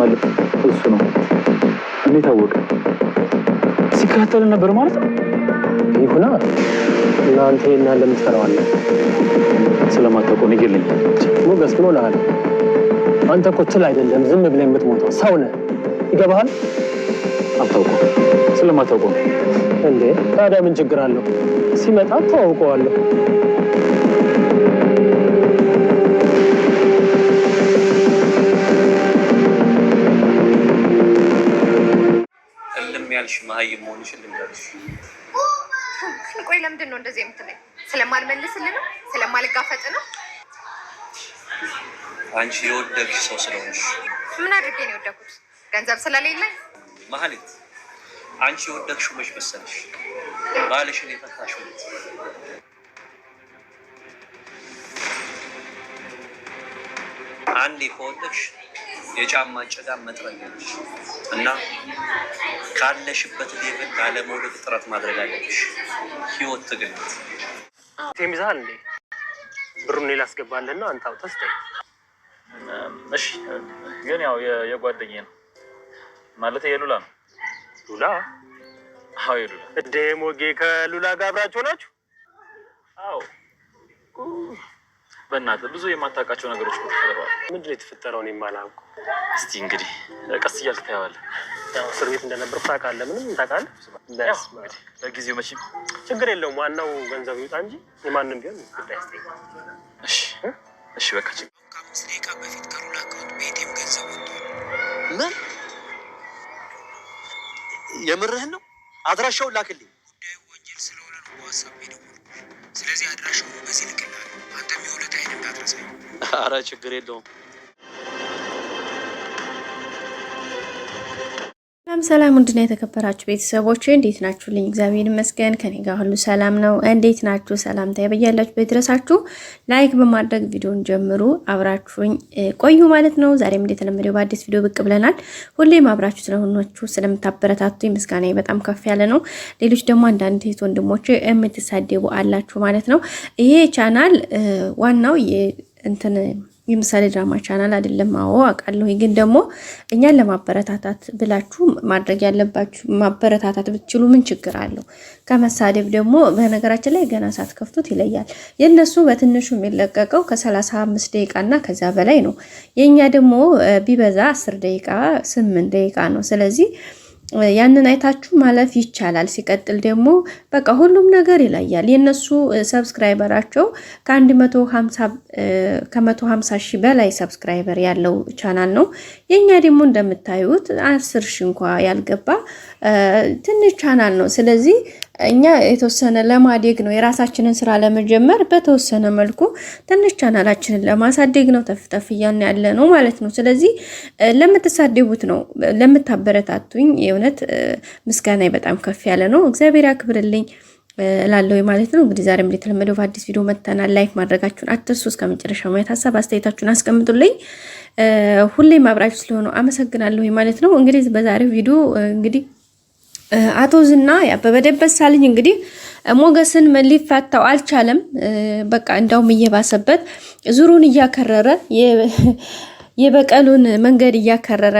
መልስ እሱ ነው። እንዴት ታወቀ? ሲከታተል ነበር ማለት ነው። ይሁና እናንተ ና ለምትፈራዋለ ስለማታውቀው ነው። ሞገስ ብሎ ሆነሃል? አንተ እኮ ትል አይደለም ዝም ብለህ የምትሞተው ሰው ነህ። ይገባሃል? አታውቀው ስለማታውቀው እንዴ። ታዲያ ምን ችግር አለው? ሲመጣ ተዋውቀዋለሁ። ያልሽ መሀይም መሆንሽን ልንገርሽ። ቆይ ለምንድን ነው እንደዚህ የምትለኝ? ስለማልመልስልህ ነው? ስለማልጋፈጥ ነው? አንቺ የወደቅሽ ሰው ስለሆንሽ። ምን አድርጌ ነው የወደኩት? ገንዘብ ስለሌለኝ? መሀሌት፣ አንቺ የወደቅሽው መች መሰለሽ? ባልሽን የፈታሽው አንዴ ከወደቅሽ የጫማ ጭቃ መጥረጊያለሽ እና ካለሽበት ሌብል ባለመውደቅ ጥረት ማድረግ አለብሽ። ህይወት ትገኛት ሚዛል እንዴ ብሩን ሌላ አስገባለና አንተ አውጥተህ ስጠኝ። እሺ ግን ያው የጓደኛዬ ነው ማለት የሉላ ነው። ሉላ? አዎ የሉላ። እዴ ሞጌ ከሉላ ጋር አብራችሁ ናችሁ? አዎ። በእናትህ ብዙ የማታውቃቸው ነገሮች ተፈጥረዋል። ምንድን ነው የተፈጠረውን የማላውቀው እስቲ እንግዲህ ቀስ እያልክ ታየዋለህ። እስር ቤት እንደነበር ታውቃለህ። ምንም ታውቃለህ። ለጊዜው መቼም ችግር የለውም። ዋናው ገንዘብ ይውጣ እንጂ የማንም ቢሆን ጉዳይ እሺ፣ እሺ፣ በቃ ችግር ከአምስት በፊት ከሩላ አካውንት በኤቲኤም ገንዘብ ወጥቷል። ምን? የምርህን ነው? አድራሻውን ላክልኝ። ጉዳዩ ወንጀል ስለሆነ ነው በዋትሳፕ የደወልኩት። ስለዚህ አድራሻውን በዚህ ልክልሃል። አንተም የሁለት አይነት እንዳትረሳኝ። አረ ችግር የለውም ሰላም ሰላም፣ ውድና የተከበራችሁ ቤተሰቦች እንዴት ናችሁ? ልኝ እግዚአብሔር ይመስገን ከኔ ጋር ሁሉ ሰላም ነው። እንዴት ናችሁ? ሰላምታ ይበያላችሁ በድረሳችሁ። ላይክ በማድረግ ቪዲዮን ጀምሩ፣ አብራችሁኝ ቆዩ ማለት ነው። ዛሬም እንደተለመደው በአዲስ ቪዲዮ ብቅ ብለናል። ሁሌም አብራችሁ ስለሆናችሁ ስለምታበረታቱ ምስጋና በጣም ከፍ ያለ ነው። ሌሎች ደግሞ አንዳንድ እህት ወንድሞች የምትሳደቡ አላችሁ ማለት ነው። ይሄ ቻናል ዋናው እንትን የምሳሌ ድራማ ቻናል አይደለም። አዎ አውቃለሁ። ግን ደግሞ እኛን ለማበረታታት ብላችሁ ማድረግ ያለባችሁ ማበረታታት ብትችሉ ምን ችግር አለው? ከመሳደብ ደግሞ በነገራችን ላይ ገና ሳትከፍቱት ይለያል። የእነሱ በትንሹ የሚለቀቀው ከ35 ደቂቃ እና ከዛ በላይ ነው። የእኛ ደግሞ ቢበዛ 10 ደቂቃ 8 ደቂቃ ነው። ስለዚህ ያንን አይታችሁ ማለፍ ይቻላል። ሲቀጥል ደግሞ በቃ ሁሉም ነገር ይለያል። የእነሱ ሰብስክራይበራቸው ከ150 ሺህ በላይ ሰብስክራይበር ያለው ቻናል ነው። የእኛ ደግሞ እንደምታዩት አስር ሺህ እንኳ ያልገባ ትንሽ ቻናል ነው። ስለዚህ እኛ የተወሰነ ለማደግ ነው፣ የራሳችንን ስራ ለመጀመር በተወሰነ መልኩ ትንሽ ቻናላችንን ለማሳደግ ነው ተፍተፍ እያልን ያለ ነው ማለት ነው። ስለዚህ ለምትሳደቡት ነው ለምታበረታቱኝ የእውነት ምስጋና በጣም ከፍ ያለ ነው። እግዚአብሔር ያክብርልኝ እላለሁ ማለት ነው። እንግዲህ ዛሬም እንደተለመደው በአዲስ ቪዲዮ መጥተናል። ላይክ ማድረጋችሁን አትርሱ። እስከ መጨረሻው ማየት ሀሳብ አስተያየታችሁን አስቀምጡልኝ። ሁሌም አብራችሁ ስለሆነው አመሰግናለሁ ማለት ነው። እንግዲህ በዛሬው ቪዲዮ እንግዲህ አቶ ዝና ያበበ ደበሳለኝ እንግዲህ ሞገስን ሊፋታው አልቻለም። በቃ እንዳውም እየባሰበት ዙሩን እያከረረ የበቀሉን መንገድ እያከረረ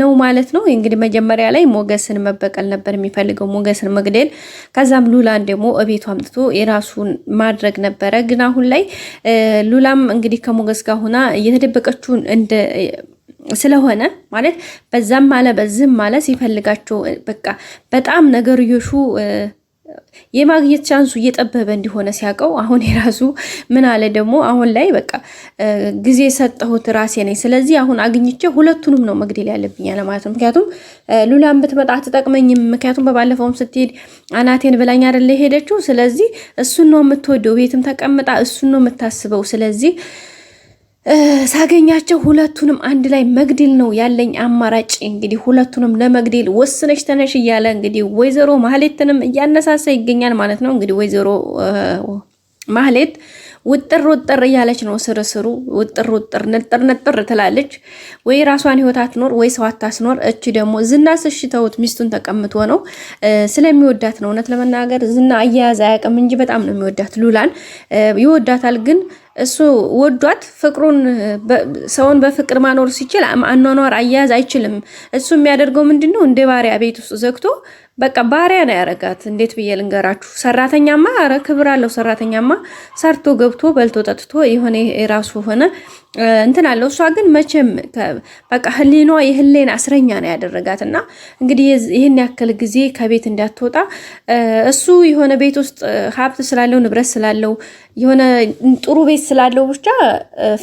ነው ማለት ነው። እንግዲህ መጀመሪያ ላይ ሞገስን መበቀል ነበር የሚፈልገው ሞገስን መግደል፣ ከዛም ሉላን ደግሞ እቤቱ አምጥቶ የራሱን ማድረግ ነበረ። ግን አሁን ላይ ሉላም እንግዲህ ከሞገስ ጋር ሁና እየተደበቀችውን እንደ ስለሆነ ማለት በዛም አለ በዝም አለ ሲፈልጋቸው በቃ በጣም ነገርዮሹ የማግኘት ቻንሱ እየጠበበ እንዲሆነ ሲያውቀው አሁን የራሱ ምን አለ ደግሞ አሁን ላይ በቃ ጊዜ ሰጠሁት ራሴ ነኝ። ስለዚህ አሁን አግኝቼ ሁለቱንም ነው መግደል ያለብኝ ለማለት ነው። ምክንያቱም ሉላን ብትመጣ አትጠቅመኝም። ምክንያቱም በባለፈውም ስትሄድ አናቴን ብላኝ አደለ ሄደችው። ስለዚህ እሱን ነው የምትወደው፣ ቤትም ተቀምጣ እሱን ነው የምታስበው። ስለዚህ ሳገኛቸው ሁለቱንም አንድ ላይ መግደል ነው ያለኝ አማራጭ። እንግዲህ ሁለቱንም ለመግደል ወስነሽ ተነሽ እያለ እንግዲህ ወይዘሮ ማህሌትንም እያነሳሳ ይገኛል ማለት ነው። እንግዲህ ወይዘሮ ማህሌት ውጥር ውጥር እያለች ነው። ስርስሩ ውጥር ውጥር ንጥር ንጥር ትላለች። ወይ ራሷን ህይወት አትኖር ወይ ሰው አታስኖር። እቺ ደግሞ ዝና ስሽተውት ሚስቱን ተቀምቶ ነው ስለሚወዳት ነው። እውነት ለመናገር ዝና አያያዝ አያውቅም እንጂ በጣም ነው የሚወዳት ሉላን ይወዳታል ግን እሱ ወዷት ፍቅሩን ሰውን በፍቅር ማኖር ሲችል አኗኗር አያያዝ አይችልም። እሱ የሚያደርገው ምንድን ነው? እንደ ባሪያ ቤት ውስጥ ዘግቶ በቃ ባሪያ ነው ያረጋት። እንዴት ብዬ ልንገራችሁ? ሰራተኛማ አረ ክብር አለው። ሰራተኛማ ሰርቶ ገብቶ በልቶ ጠጥቶ የሆነ የራሱ ሆነ እንትን አለው። እሷ ግን መቼም በቃ ህሊኗ የህሌን አስረኛ ነው ያደረጋት። እና እንግዲህ ይህን ያክል ጊዜ ከቤት እንዳትወጣ እሱ የሆነ ቤት ውስጥ ሀብት ስላለው ንብረት ስላለው የሆነ ጥሩ ቤት ስላለው ብቻ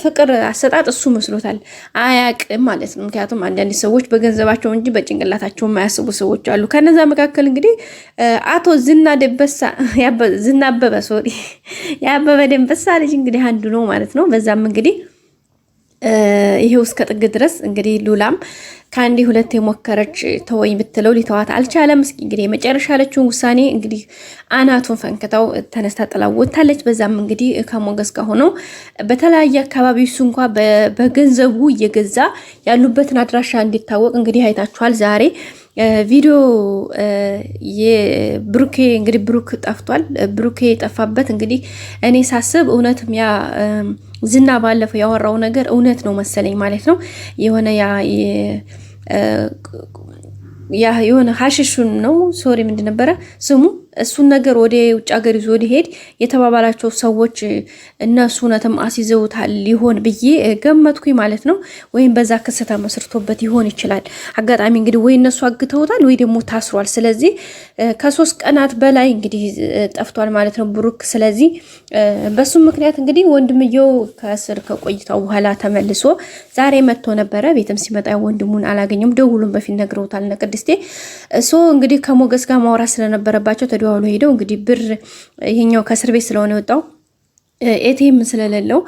ፍቅር አሰጣጥ እሱ መስሎታል። አያቅም ማለት ነው። ምክንያቱም አንዳንድ ሰዎች በገንዘባቸው እንጂ በጭንቅላታቸው የማያስቡ ሰዎች አሉ። ከነዛ መካከል መካከል እንግዲህ አቶ ዝና ደበሳ ዝና አበበ ሶሪ የአበበ ደንበሳ ልጅ እንግዲህ አንዱ ነው ማለት ነው። በዛም እንግዲህ ይሄው እስከ ጥግ ድረስ እንግዲህ ሉላም ከአንዴ ሁለት የሞከረች ተወኝ ብትለው ሊተዋት አልቻለም። እስኪ እንግዲህ የመጨረሻ ያለችውን ውሳኔ እንግዲህ አናቱን ፈንክተው ተነስታ ጥላው ወታለች። በዛም እንግዲህ ከሞገስ ጋር ሆነው በተለያየ አካባቢ እሱ እንኳ በገንዘቡ እየገዛ ያሉበትን አድራሻ እንዲታወቅ እንግዲህ አይታችኋል ዛሬ ቪዲዮ የብሩኬ እንግዲህ ብሩክ ጠፍቷል። ብሩኬ የጠፋበት እንግዲህ እኔ ሳስብ እውነትም ያ ዝና ባለፈው ያወራው ነገር እውነት ነው መሰለኝ ማለት ነው የሆነ ያ ያ የሆነ ሀሽሹን ነው ሶሪ ምንድን ነበረ ስሙ እሱን ነገር ወደ ውጭ ሀገር ይዞ ሊሄድ የተባባላቸው ሰዎች እነሱ እውነትም አስይዘውታል ሊሆን ብዬ ገመትኩኝ ማለት ነው። ወይም በዛ ክስ መስርቶበት ይሆን ይችላል። አጋጣሚ እንግዲህ ወይ እነሱ አግተውታል ወይ ደግሞ ታስሯል። ስለዚህ ከሶስት ቀናት በላይ እንግዲህ ጠፍቷል ማለት ነው ብሩክ። ስለዚህ በሱ ምክንያት እንግዲህ ወንድምየው ከእስር ከቆይታው በኋላ ተመልሶ ዛሬ መጥቶ ነበረ። ቤትም ሲመጣ ወንድሙን አላገኘም። ደውሉን በፊት ነግረውታል ነቅድስቴ እሶ እንግዲህ ከሞገስ ጋር ማውራት ስለነበረባቸው ወዲያውኑ ሄደው እንግዲህ ብር ይሄኛው ከእስር ቤት ስለሆነ የወጣው ኤቲኤም ስለሌለው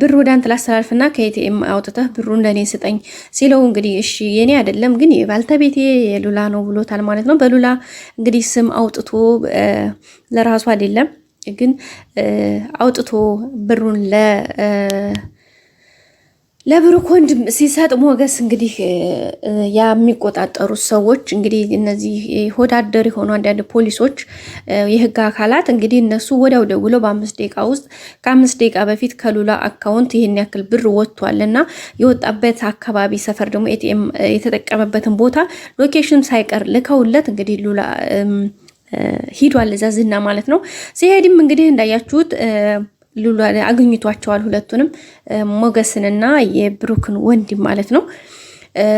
ብር ወደ አንተ ላስተላልፍና ከኤቲኤም አውጥተህ ብሩን ለእኔ ስጠኝ ሲለው እንግዲህ እሺ የኔ አይደለም ግን ባልተቤቴ የሉላ ነው ብሎታል ማለት ነው። በሉላ እንግዲህ ስም አውጥቶ ለራሱ አይደለም ግን አውጥቶ ብሩን ለ ለብሩክ ወንድም ሲሰጥ ሞገስ እንግዲህ የሚቆጣጠሩት ሰዎች እንግዲህ እነዚህ ሆዳደር የሆኑ አንዳንድ ፖሊሶች የህግ አካላት እንግዲህ እነሱ ወዲያው ደውለው በአምስት ደቂቃ ውስጥ ከአምስት ደቂቃ በፊት ከሉላ አካውንት ይህን ያክል ብር ወጥቷል እና የወጣበት አካባቢ ሰፈር ደግሞ ኤቲኤም የተጠቀመበትን ቦታ ሎኬሽን ሳይቀር ልከውለት እንግዲህ ሉላ ሂዷል እዛ ዝና ማለት ነው። ሲሄድም እንግዲህ እንዳያችሁት አግኝቷቸዋል። ሁለቱንም ሞገስንና የብሩክን ወንድም ማለት ነው።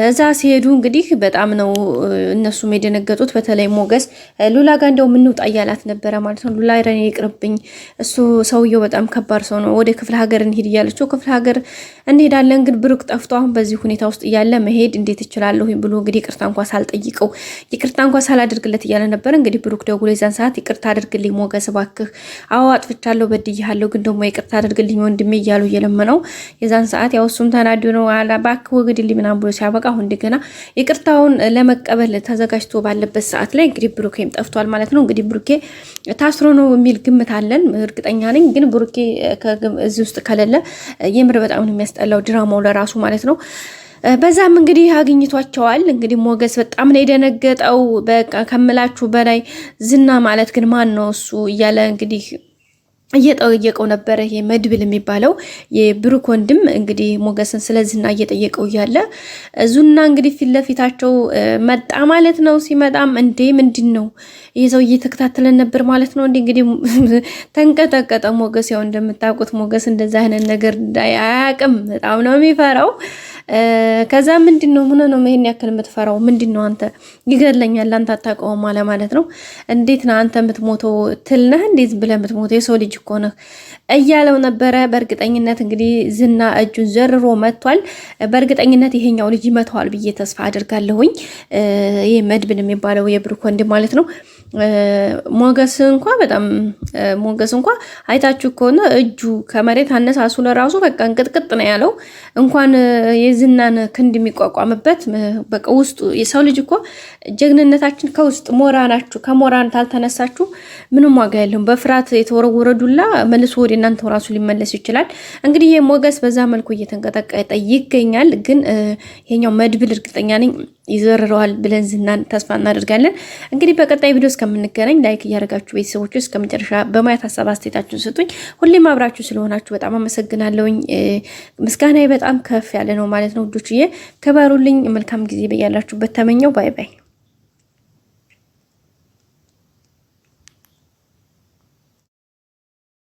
እዛ ሲሄዱ እንግዲህ በጣም ነው እነሱም የደነገጡት። በተለይ ሞገስ ሉላ ጋር እንደው ምንውጣ እያላት ነበረ ማለት ነው። ሉላ ረኔ ይቅርብኝ፣ እሱ ሰውየው በጣም ከባድ ሰው ነው፣ ወደ ክፍለ ሀገር እንሄድ እያለችው፣ ክፍለ ሀገር እንሄዳለን፣ ግን ብሩክ ጠፍቶ አሁን በዚህ ሁኔታ ውስጥ እያለ መሄድ እንዴት እችላለሁ ብሎ እንግዲህ ይቅርታ እንኳ ሳልጠይቀው ይቅርታ እንኳ ሳላደርግለት እያለ ነበረ። እንግዲህ ብሩክ ደውሎ የዛን ሰዓት ይቅርታ አድርግልኝ ሞገስ እባክህ፣ አዎ አጥፍቻለሁ፣ በድያለሁ፣ ግን ደግሞ ይቅርታ አድርግልኝ ወንድሜ እያሉ እየለመነው የዛን ሰዓት ያው እሱም ተናዱ ነው ባክ ወግድልኝ ምናምን ብሎ ሲያ ሳያበቃ አሁን እንደገና ይቅርታውን ለመቀበል ተዘጋጅቶ ባለበት ሰዓት ላይ እንግዲህ ብሩኬም ጠፍቷል ማለት ነው። እንግዲህ ብሩኬ ታስሮ ነው የሚል ግምት አለን፣ እርግጠኛ ነኝ። ግን ብሩኬ እዚህ ውስጥ ከሌለ የምር በጣም ነው የሚያስጠላው ድራማው ለራሱ ማለት ነው። በዛም እንግዲህ አግኝቷቸዋል። እንግዲህ ሞገስ በጣም ነው የደነገጠው፣ በቃ ከምላችሁ በላይ ዝና ማለት ግን ማን ነው እሱ እያለ እንግዲህ እየጠየቀው ነበረ። መድብል የሚባለው የብሩክ ወንድም እንግዲህ ሞገስን ስለዝና እየጠየቀው እያለ ዙና እንግዲህ ፊት ለፊታቸው መጣ ማለት ነው። ሲመጣም እንዴ ምንድን ነው ይህ ሰው እየተከታተለን ነበር ማለት ነው። እንግዲህ ተንቀጠቀጠ ሞገስ። ያው እንደምታውቁት ሞገስ እንደዛ አይነት ነገር አያውቅም፣ በጣም ነው የሚፈራው። ከዛ ምንድን ነው ሆነ ነው ይሄን ያክል የምትፈራው ምንድን ነው አንተ? ይገድለኛል አንተ አታውቀውም አለ ማለት ነው። እንዴት ነው አንተ የምትሞተው ትል ነህ እንዴት ብለህ የምትሞተው የሰው ልጅ እኮ ነህ እያለው ነበረ። በእርግጠኝነት እንግዲህ ዝና እጁን ዘርሮ መጥቷል። በእርግጠኝነት ይሄኛው ልጅ ይመተዋል ብዬ ተስፋ አድርጋለሁኝ። ይህ መድብን የሚባለው የብሩክ ወንድ ማለት ነው። ሞገስ እንኳ በጣም ሞገስ እንኳ አይታችሁ ከሆነ እጁ ከመሬት አነሳሱ ለራሱ በቃ እንቅጥቅጥ ነው ያለው። እንኳን የዝናን ክንድ የሚቋቋምበት በቃ ውስጡ የሰው ልጅ እኮ ጀግንነታችን ከውስጥ ሞራ ናችሁ ከሞራን ታልተነሳችሁ ምንም ዋጋ የለውም። በፍርሃት የተወረወረ ዱላ መልሶ ወደ እናንተ ራሱ ሊመለስ ይችላል። እንግዲህ ይህ ሞገስ በዛ መልኩ እየተንቀጠቀጠ ይገኛል። ግን ይሄኛው መድብል እርግጠኛ ነኝ ይዘርረዋል ብለን ዝናን ተስፋ እናደርጋለን። እንግዲህ በቀጣይ ቪዲዮ እስከምንገናኝ ላይክ እያደረጋችሁ ቤተሰቦች እስከ መጨረሻ በማየት ሀሳብ አስተያየታችሁን ስጡኝ። ሁሌም አብራችሁ ስለሆናችሁ በጣም አመሰግናለሁኝ። ምስጋናዬ በጣም ከፍ ያለ ነው ማለት ነው ውዶችዬ። ክበሩልኝ። መልካም ጊዜ በያላችሁበት ተመኘው። ባይ ባይ